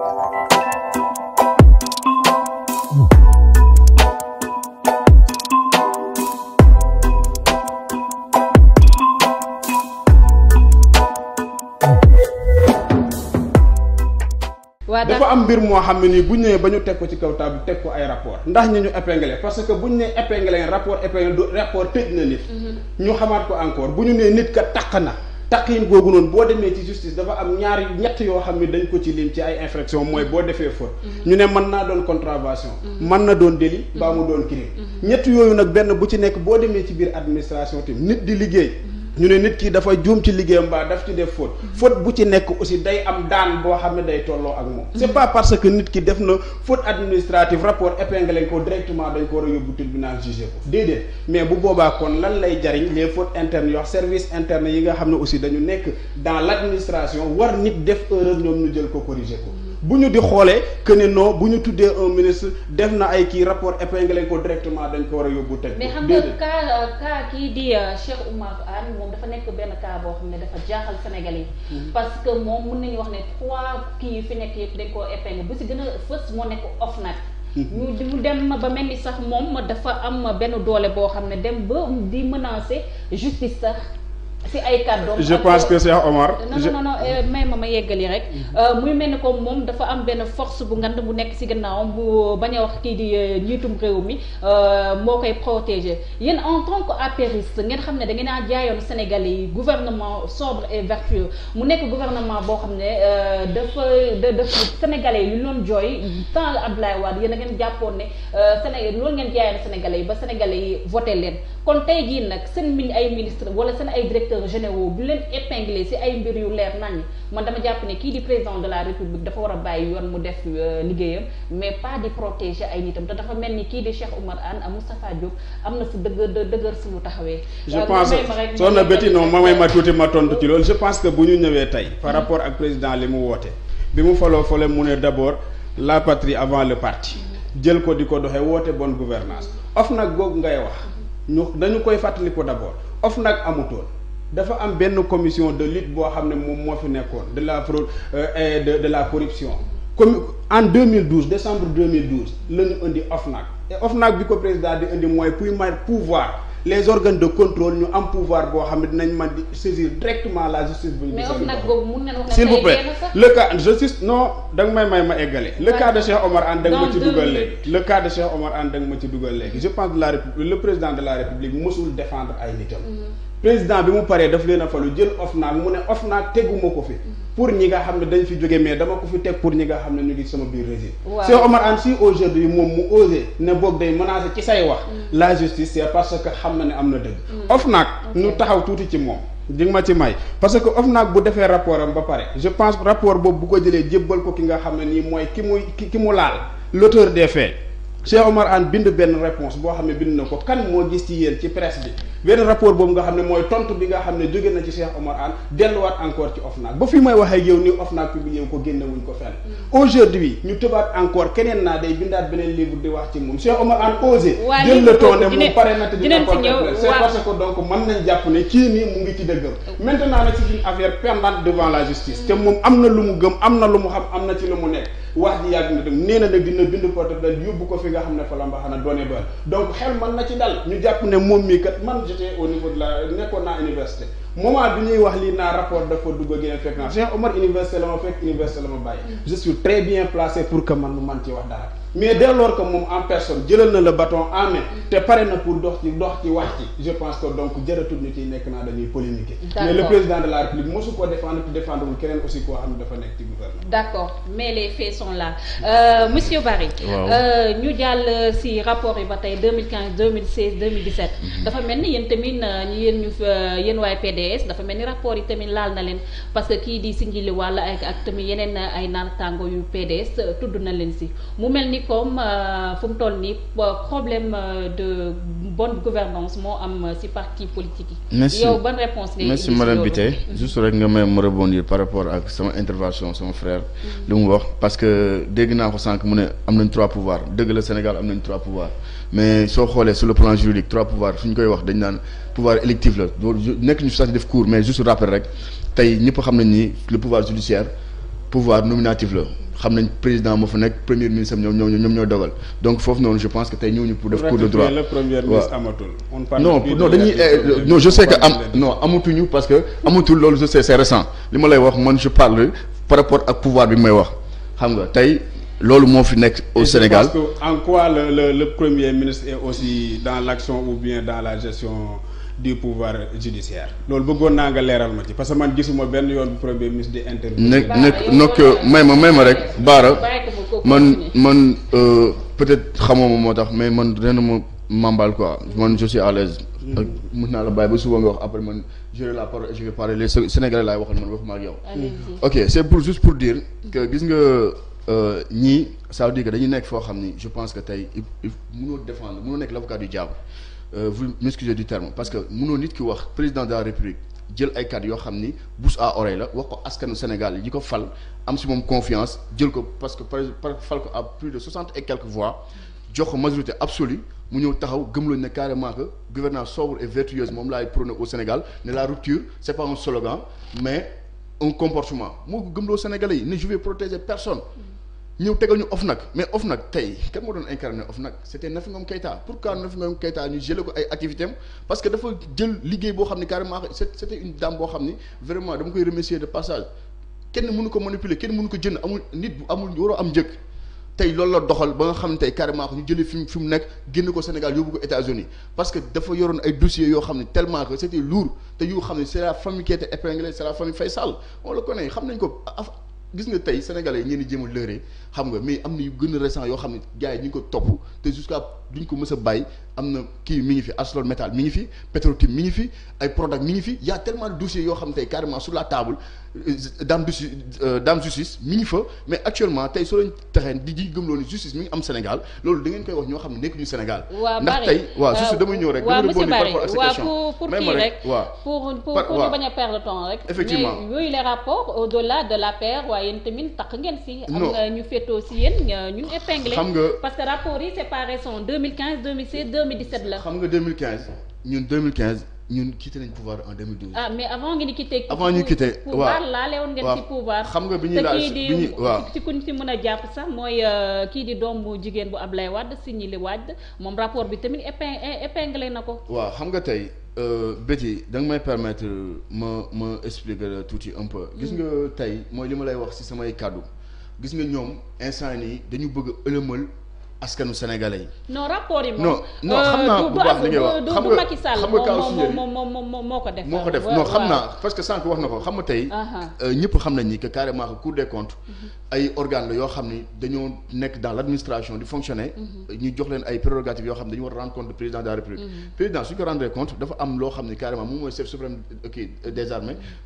waaw dafa am mbir moo xam ne nii bu ñëwee ba ñu teg ko ci kaw table teg ko ay rapport ndax ñu ñu épinglé parce que bu ñu nee épinglé rapport épinglé du rapport tëj na nit. Mhm. ñu xamaat ko encore bu ñu nee nit ka taq na. taqin googu noonu boo demee ci justice dafa am ñaari ñett yoo xam ne dañ ko ci lim ci ay infraction mooy boo defee faute mhm. ñu ne mën naa doon contravention mhm. mën na doon déli baa mu mhm. doon crime ñett yooyu nag benn bu ci nekk boo demee ci biir administration tamit nit di liggéey ñu ne nit ki dafa juum ci liggéeyam mbaa daf ci def faute mhm. faute bu ci nekk aussi day am daan boo xam ne day tolloo ak moom c'est mhm. pas parce que nit ki def na faute administrative rapport épinglé ko directement dañ ko war a yóbbu tribunal jugé ko déedéet mais bu boobaa kon lan lay jariñ les fautes internes yoo service interne yi nga xam ne aussi dañu nekk dans l'administration war nit def erreur ñoom ñu jël ko corriger ko bu ñu di xoolee que ne bu ñu tuddee un ministre def na ay kii rapport épinglé ko directement dañ ko war a yóbbu teg mais xam nga cas euh, cas kii di euh, Cheikh Oumar Anne moom dafa nekk benn cas boo xam ne dafa jaaxal Sénégalais yi mm-hmm. parce que moom mun nañu wax ne trois kii yu fi nekk yëpp dañ koo épinglé bu si gën a fës moo nekk OFNAC mm-hmm. ñu ñu dem ba mel ni sax moom dafa am benn doole boo xam ne dem ba di menacer justice sax si ay kàddoom. je pense que eh, ma ma yeggali rek. Mm. Euh, muy mel ni comme moom dafa am benn force bu ngand bu nekk si gannaawam bu bañ a wax kii di euh, njiitum réew mi euh, moo koy protéger yéen en tant que apériste ngeen xam ne da ngeen a jaayoon Sénégalais yi gouvernement sobre et vertueux mu nekk gouvernement boo xam ne dafa da dafa Sénégalais yi lu doon jooy tant Abdoulaye Wade yéen a ngeen jàppoon ne Sénégal loolu ngeen jaayoon Sénégalais yi ba Sénégalais yi voté leen kon tey jii nag seen min ay ministre wala seen ay directeur procureur généraux bu leen épinglé ci ay mbir yu leer nañ man dama jàpp ne kii di président de la république dafa war a bàyyi yoon mu def euh, liggéeyam mais pas di protéger ay nitam te dafa mel ni kii di Cheikh Oumar Anne ak Moustapha Diop am na ci dëgg dëgër ci lu taxawee. je euh, pense soxna Betty non ma may ma tuuti ma tontu ci loolu je pense que bu ñu ñëwee tey. par mm-hmm. rapport ak président li mu woote. bi mu faloo fale mu ne d'abord la patrie avant le parti. Mm-hmm. jël ko di ko doxee woote bonne gouvernance of nag googu ngay wax mm-hmm. ñu dañu koy fàttali ko d'abord of nag amutoon dafa am benn commission de lutte boo xam ne moom moo fi nekkoon de la fraude euh, et de de la corruption comme en 2012 décembre 2012 la ñu indi OFNAC et OFNAC bi ko président di indi mooy puy may pouvoir les organes de contrôle ñu am pouvoir boo xam ne dinañ mën di directement la justice. bu bi mais OFNAC boobu mun nañu le cas justice non danga may may ma eggale. le cas de Cheikh Omar Anne danga ma ci dugal léegi. le cas de Cheikh Omar Anne danga ma ci dugal léegi je pense la république président de la république mosul défendre ay nitam. Mm-hmm. président bi mu paree daf leen a falu jël OFNAC mu ne OFNAC teguma ko fi pour ñi nga xam ne dañ fi jóge mais dama ko fi teg pour ñi nga xam ne ñu ngi sama biir régime Cheikh Omar Anne si aujourd'hui moom mu osé ne boog day menacé ci say wax mm. la justice c'est parce que xam na ne am na dëgg mm. OFNAC ñu taxaw tuuti ci moom di ma ci may parce que OFNAC bu defee rapport am ba pare je pense rapport boobu bu ko jëlee jébbal ko ki nga xam ne nii mooy ki muy ki mu laal l'auteur des faits Cheikh Omar Anne bind benn réponse boo xam ne bind na ko kan moo gis ci yéen ci presse bi benn rapport boobu nga xam ne mooy tontu bi nga xam ne jóge na ci Cheikh Omar Anne delluwaat encore ci OFNAC ba fi may wax ak yow ni OFNAC publié ko génne wuñ ko fenn. Mm. aujourd'hui ñu tëbaat encore keneen naa day bindaat beneen livre di wax moom Cheikh Omar Anne osé. jël le ton ne moom pare na te dina ko c'est parce que donc mën nañ jàpp ne kii nii mu ngi ci dëggam. Oh. maintenant nag c'est une affaire pendante devant la justice. te moom am na lu mu gëm am na lu mu xam am na ci lu mu nekk. wax ji yàgg na tam nee na nag dina bind portable yóbbu ko fi nga xam ne fa la mbaxana doone ba donc xel mën na ci dal ñu jàpp ne moom mii kat man j'étais au niveau de la nekkoon naa université moment bi ñuy wax lii naa rapport dafa dugg ak yeneen fekk naa Cheikh Omar université la ma fekk université la ma bàyyi mm. je très bien placé pour que man mu man ci wax dara mais dès lors que moom en personne jëlal na la baton en main te pare na pour dox ci dox ci wax ci je pense que donc jërëtul ñu ciy nekk naa dañuy polémiquer mais le président de la république mosu ko défendre te défendrewul keneen aussi koo xam ne dafa nekk ci gouvernement d' accord mais les faits sont euh, euh, ñu jàll si rapport yi ba tey 2015 2016 2017 dafa mel ni yéen tamit euh, ñu yéen ñu yéen waay PDS dafa mel ni rapport yi tamit laal na leen parce que kii di Sindiély Walla ak ak tamit yeneen ay naataango yu PDS tudd na leen si comme euh, fu mu toll nii euh, problème euh, de bonne gouvernance moo am ci parti politique yi. merci yow ban réponse ngay merci madame Biteye mhm. juste rek nga may ma par rapport ak sama intervention sama frère. Mhm. li mu wax parce que dégg naa ko sànq mu ne am nañ trois pouvoirs dëgg la Sénégal am nañ trois pouvoirs mais soo xoolee sur le plan juridique trois pouvoirs suñ koy wax dañ naan pouvoir électif la nekk ñu sa di def cours mais juste rappel rek tey ñëpp xam nañ ni le pouvoir judiciaire pouvoir nominatif la. xam nañ président moo fa nekk premier ministre am ñoom ñoo ñoom ñoo dogal donc foofu noonu je pense que tey ñëw ñu pour def cours de droit le premier dañuy eh, non je sais que am non amatuñu parce que amatul loolu je sais c'est récent li ma lay wax man je parle par rapport ak pouvoir bi may wax xam nga tey loolu moo fi nekk au Sénégal en quoi le le le premier ministre est aussi dans l'action ou bien dans la gestion du pouvoir judiciaire loolu bëggoon naa nga leeral ma ci parce que man gisuma benn yoon bu premier ministre di intervenir. nekk nokk may ma may ma rek. baara man man euh, peut-être xamoo ma moo tax mais man ren ma mambal quoi man je suis à l'aise mm-hmm. ak mën naa la bàyyi ba suba nga wax après man jël la parole et je vais parler les Sénégalais laay waxal man waxuma ak yow. ok c'est pour juste pour dire que gis nga. Euh, ñii ça veut dire que dañu nekk foo xam ni je pense que tey il munoo défendre munoo nekk l'avocat du diable Euh, vous m'excusez du terme parce que mënoo nit ki wax président de la république jël ay kàddu yoo xam ni bouche à oreille la wax ko askanu Sénégal yi ko fal am si moom confiance jël ko parce que par fal ko à plus de soixante et quelques voix jox ko majorité absolue mu ñëw taxaw gëmloo ne carrément que gouvernance sobre et vertueuse moom laay prôné au Sénégal ne la rupture c'est pas un slogan mais un comportement moo ko gëmloo Sénégalais yi ne je vais personne. ñëw tegal ñu nag mais OFNAC tey kan moo doon incarné OFNAC c'était Nafi Ngom Keïta pourquoi Nafi Ngom Keïta ñu jëlee ko ay activité am parce que dafa jël liggéey boo xam ne carrément c'était une dame boo xam ni vraiment kenn mënu ko manipuler kenn mënu ko jënd amul nit bu amul waroo am njëkk tey loolu la xam ne tey ñu jëlee fi mu fi mu nekk génn ko Sénégal yóbbu ko États-Unis parce que dafa yoroon ay dossiers yoo xam ne tellement que c'était lourd te yu xam ne c'est la famille qui était épinglée c'est la famille Faye Sall on le connaît nañ ko gis nga tey sénégalais yi ngeen di jéem a lëre xam nga mais am na yu gën récent yoo xam ne gars yi ñu ngi ko topp te jusqu'à ko mës a am na kii mi ngi fi ArcelorMittal mi ngi fi Petro-Tim mi ngi fi ay Prodac mi ngi fi y a tellement de dossiers yoo xam tey carrément sur la table euh, euh, dame justice dame di di gëmloo loolu da koy wax ñoo xam ne nekk ñu Sénégal ndax tey waaw euh, juste damay ñëw rek dama pour pour pour ñu bañ a perdre temps rek effectivement yooyu les rapports au-delà waaye yéen tamit tax ngeen si. am nga ñu féetoo si yéen ñu épinglé. xam nga parce que rapport yi c'est pas récent 2015 2016 2017 la. xam nga 2015 ñun 2015 ñun quitté pouvoir en 2012. ah mais avant ngeen di quitté. avant ñu quitté waaw pouvoir laale woon ngeen si pouvoir. xam nga bi ñuy laal bi ñuy waaw te kii si mën a jàpp sax mooy euh, kii di doomu jigéen bu Ablaye Wade Signili Wade moom rapport bi tamit épinglé na ko. waaw xam nga tey. Euh, Béti da nga may permettre ma ma expliquer la tuuti un peu. gis mm. nga tey mooy li ma lay wax ci samay kàddu gis nga ñoom instant yi dañu bëgg a ëlëmal askanu sénégalais yi. non rapport yi moom. non non euh, xam naa bu baax li ngay wax xam nga Macky Sall xam nga kaw def. moo ko def non xam naa wax na ko xam nga tey. Uh-huh. Euh, ñëpp xam nañ ni que carrément que Cour des comptes. Mm-hmm. yoo xam ni dañoo nekk dans l' administration di fonctionner. Mm-hmm. ñu jox leen ay prérogatives yoo xam ne dañu a rendre compte du président de la république. Mm-hmm. président su ñu ko am loo xam ni euh,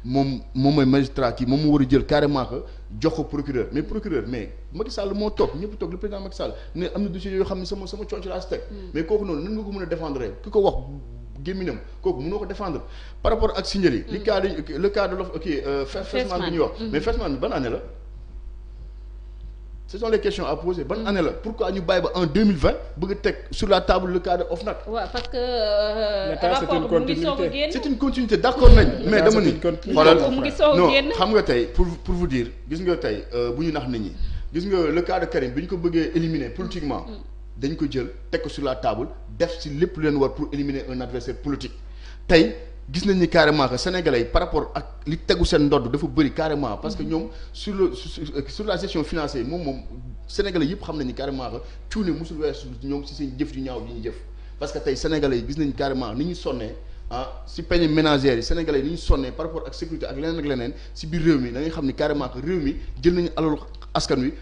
moom moom mooy magistrat kii moom mu war a jël carrément que. jox ko procureur mais procureur mais Macky Sall moo toog ñëpp toog le président Macky ne am na dossier yoo xam ne sama sama coono laa si teg. Hmm. mais kooku noonu nan nga ko mën a défendre ki ko wax gémminam kooku mënoo ko défendre par rapport ak signal yi. li hmm. cas de le cas de l' ok. Euh, Fesman bi ñuy wax hmm. mais Fesman bi ban année la. ce sont les questions à poser ban année la pourquoi ñu bàyyi ba en bëgg teg sur la table le cas de Ofnac. waaw parce que. Euh, rapport a génn c'est une continuité d'accord nañ. mais dama ni xoolal non xam nga tey pour pour vous dire gis nga tey euh, bu ñu nax nit ñi gis nga le cas de Karim bi ñu ko bëggee éliminer politiquement. Mm. dañ ko jël teg ko sur la taable def si lépp leen war pour éliminer un adversaire politique tey. gis nañ ni carrément que yi par rapport ak li tegu seen ndodd dafa bëri carrément parce que mhm. ñoom sur le euh, sur la gestion financière moom moom sénégalais yëpp xam nañu ni carrément que cuune mosul weesu ñoom si seen jëf yu ñaaw yi ñu jëf parce que tey sénégalais yi gis nañ carrément ni ñu sonnee ah si peñe ménagères yi sénégalais yi ni ñu sonnee par rapport ak sécurité ak leneen ak leneen si biir réew mi da xam ni carrément que réew mi jël nañu alalu askan wi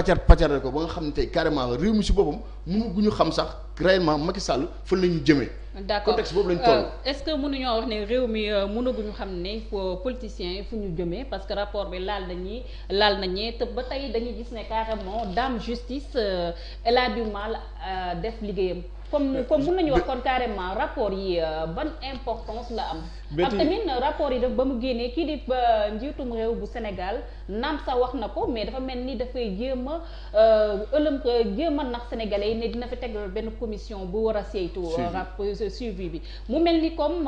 pàccat pàccatal ko ba nga xam ne tey carrément réew mi si boppam mënuñu xam sax la ñu jëmee. d'accord contexte boobu la ñu toll. Euh, est-ce que mënuñoo wax ne réew mi euh, mënaguñu xam ne euh, politiciens yi parce que rapport bi laal nañu laal nañu te ba tey dañuy gis ne carrément dame justice elle a du mal def liggéeyam. comme comme nañu wax kon carrément rapport yi ban importance la am. ak tamit rapport yi def ba mu génnee kii di njiitum réew bu Sénégal. naam sa wax na ko mais dafa mel ni dafay jéem a euh, ëlëm euh, jéem a nax sénégalais yi ne dina fi teg benn commission bu war a saytu euh, rap suivi bi mu mel ni comme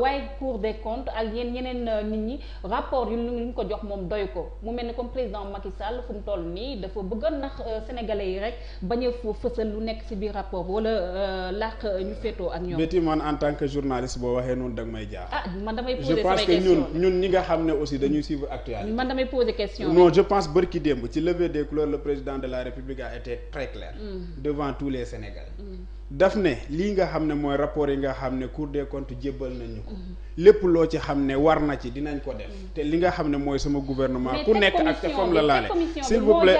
waaye cour des comptes ak yéen yeneen nit ñi rapport yu lu ñu jox moom doy ko mu mel ni comme président Macky Sall fu mu toll nii dafa bëgg a nax sénégalais yi rek bañ a fësal lu nekk ci biir rapport bi wala làq ñu féetoo ak ñoom béti man en tant que journaliste boo waxee noonu da nga may jaax ah man damay poser je pense que man damay question non je pense bërki démb ci levée des couleurs le président de la république a été très clair. Mm. devant tous les sénégalais. Mm. daf ne lii nga xam ne mooy rapport yi nga xam ne Cour de comptes jébbal nañu ko. lépp loo ci xam ne war na ci dinañ ko def. Mm-hmm. te li nga xam ne mooy sama gouvernement. ku nekk ak te fam la laale. s'il vous plaît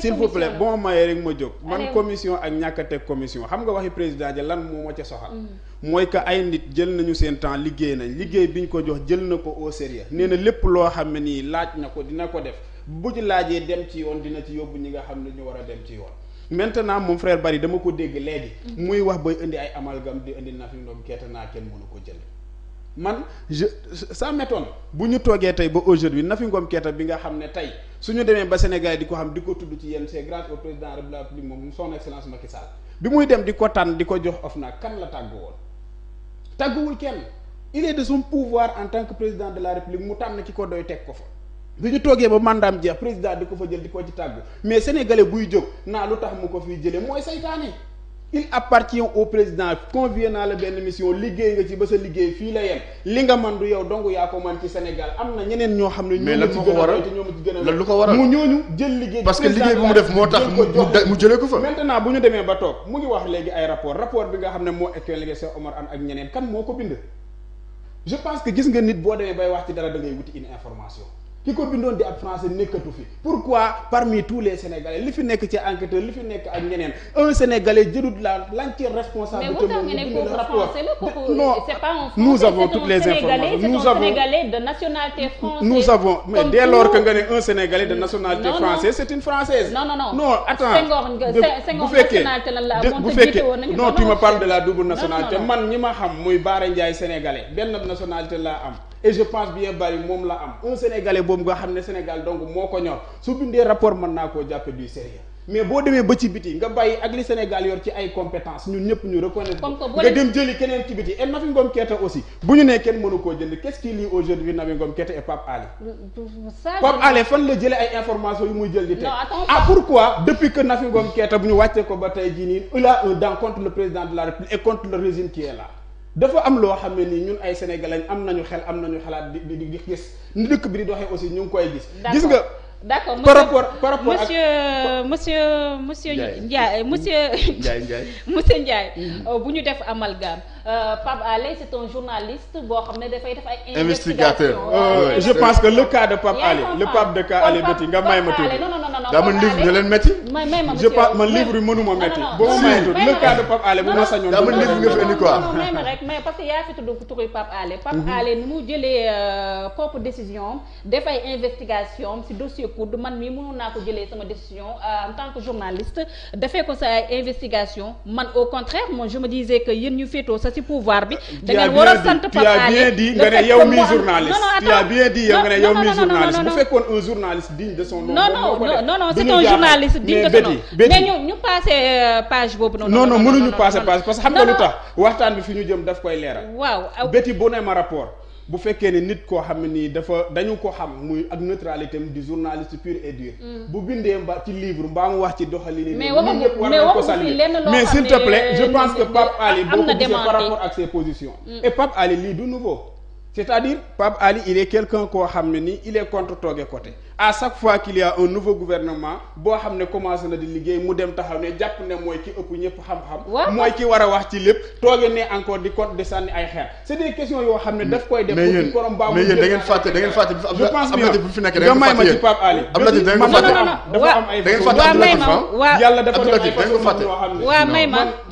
s'il vous plaît bon rek ma jóg. man commission ak ñàkk teg commission xam nga waxi président ja lan moo ma ca soxal. Mm-hmm. mooy que ay nit jël nañu seen temps liggéey nañ liggéey bi ñu ko jox jël na ko au sérieux nee na lépp loo xam ne nii laaj na ko dina ko def bu ci laajee dem ci yoon dina ci yóbbu ñi nga xam ne ñu war a dem ci yoon. maintenant moom frère Bari dama ko dégg léegi. Mm. muy wax ba indi ay amalgam di indi Nafi Ngom naa kenn mënu ko jël. man je ça m'étonne bu ñu toogee tey ba aujourd'hui Nafi Ngom Keita bi nga xam ne tey su ñu demee ba Sénégal di ko xam di ko tudd ci yenn c'est grâce au président de la République moom son excellence Macky Sall bi muy dem di ko tànn di ko jox OFNAC kan la tàggu woon tàgguwul kenn il est de son pouvoir en tant que président de la République mu tànn ki ko doy teg ko bi ñu toogee ba mandaam jeex président di ko fa jël di ko ci tàggu mais sénégalais buy jóg naa lu tax mu ko fiy jëlee mooy saytaane il appartient au président convié naa la benn mission liggéey nga ci ba sa liggéey fii la yem li nga man du yow dong yaa ko man ci Sénégal am na ñeneen ñoo xam ne. mais lan moo ko waral ñoo ma ci a lu ko waral mu ñooñu jël liggéey. parce que liggéey bi mu def moo tax mu jële ko fa. maintenant bu ñu demee ba toog mu ngi wax léegi ay rapport rapport bi nga xam ne moo éclairé Cheikh Omar kan moo ko bind. je pense que gis nga nit boo demee bay wax ci dara da ngay wuti information. ki ko bindoon di ab français nekkatu fi pourquoi parmi tous les sénégalais li fi nekk ci enquêteur li fi nekk ak ñeneen un sénégalais jëlut la l'entière responsabilité. mais vous rapport non nous avons toutes les informations nous avons sénégalais de nationalité française nous avons mais dès lors que nga ne un sénégalais de nationalité française c'est une française non non bu fekkee bu fekkee non tu me parles de la double nationalité man ñi ma xam muy Baara Ndiaye sénégalais benn nationalité laa am et je pense bien bari moom la am un sénégalais boobu gëm nga xam ne Sénégal donc moo ko ñor su bindee rapport man naa koo jàppe du sérieux mais boo demee ba ci biti nga bàyyi ak li Sénégal yor ci ay compétence ñun ñëpp ñu reconnaître nga dem jëli keneen ci biti et Nafi Ngom Keita aussi bu ñu nee kenn mënu koo jël qu'est-ce qui aujourd'hui Nafi Ngom Keita et Pape Alé euh, euh, Pape Alé fan la jëlee ay information yu muy jël di teg ah pourquoi depuis que Nafi Ngom Keita bu ñu wàccee ko ba tey jii nii il a un dent la dafa am loo xam ne nii ñun ay sénégalais am nañu xel am nañu xalaat bi di di gis ni dëkk bi di doxee aussi ñu ngi koy gis. gis nga. d'accord par rapport par rapport ak monsieur monsieur. Ndiaye Ndiaye monsieur. Ndiaye Ndiaye. monsieur Ndiaye. Mm-hmm. Euh, bu ñu def amal amalgame. Euh, pape Alé c'est un journaliste boo xam ne dafay def ay. investigateur je pense que le cas de Pape Alé le Pape de cas Alé Béti nga may ma tuuti. non non non daa man livre nga leen métti. may may ma je pense man livre yi mënu ma métti. boo ma mayee tuuti le cas de Pape Alé bu ma sañoon. daa man livre nga fi indi quoi non non may ma rek mais parce que yaa fi tudd turu Pape Alé. Pape mhm. Alé ni mu jëlee euh, propre décision def ay investigation si dossier COUD man mii mënoon naa ko jëlee sama décision euh, en tant que journaliste defee ko sa ay investigation man au contraire moi je me disais que yéen ñu féetoo sa sa ci pouvoir bi. da ngeen war a sant Pape Alé dit nga ne yow mi journaliste. tu as bien dit yow nga ne yow mi journaliste bu fekkoon un journaliste digne de son nom. non non non non c'est un journaliste digne de son nom mais ñu ñu passé euh, page boobu noonu. non non mënuñu passé page parce que xam nga lu tax waxtaan bi fi ñu jëm daf koy leeral. waaw Betty Boné ma rapport. bu fekkee ne nit koo xam ne nii dafa dañu ko xam muy ak neutralité am di journaliste pur et dur. Mm. bu bindee mba ci libre mbaa mu wax ci doxali yi. mais waxuñu mais waxuñu lenn loo xam ne mais s'il te plaît je pense que Pape Ali boo ko gisee par rapport ak ses positions. Mm. et Pape Ali lii du nouveau. c'est-à-dire Pape Ali il est quelqu'un koo xam ne nii il est contre tooge côté. a chaque fois qu'il y a un nouveau gouvernement boo xam ne commencé na di liggéey mu dem taxaw ne jàpp ne mooy ki ëpp ñëpp xam-xam mooy ki war a wax ci lépp tooge ne encore di compte de sànni ay xeer c'est des questions yoo xam ne daf koy def ci korom baa mais yéen da ngeen fàtte da ngeen fàtte je fi nekk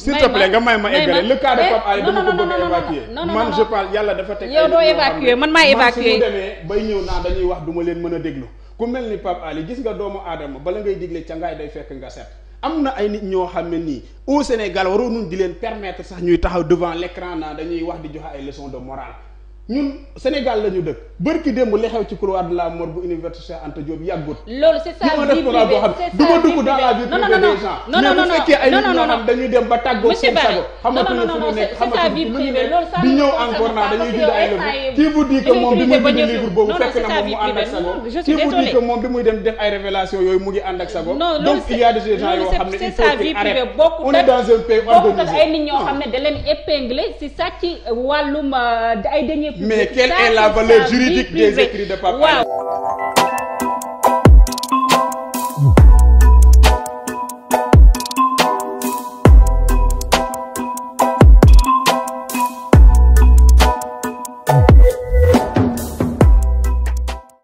nga te plaît nga may ma éggale de Pape Ali dama ko bëgg a évacuer man je parle yàlla dafa teg yow doo évacuer man maa évacuer su mu demee bay ñëw wax ma leen mën a déglu ku mel ni Pape Ali gis nga doomu aadama bala ngay digle ca ngaay day fekk nga set am na ay nit ñoo xam ne nii au Sénégal waroon di leen permettre sax ñuy taxaw devant l'écran na dañuy wax di joxe ay leçons de morale ñun Sénégal la ñu dëkk bërki démb li xew ci couloir de la mort bu université Anta Diop yàggut. loolu c'est ça vie privée c'est ça du ma vie privée di ñëw encore naa dañuy bind ay e. livre qui vous dit que moom bi muy dem def ay révélation yooyu mu ngi ànd ak sago donc il y a si sàcc wàllum ay deniers mais quelle est la valeur juridique des écrits de Pape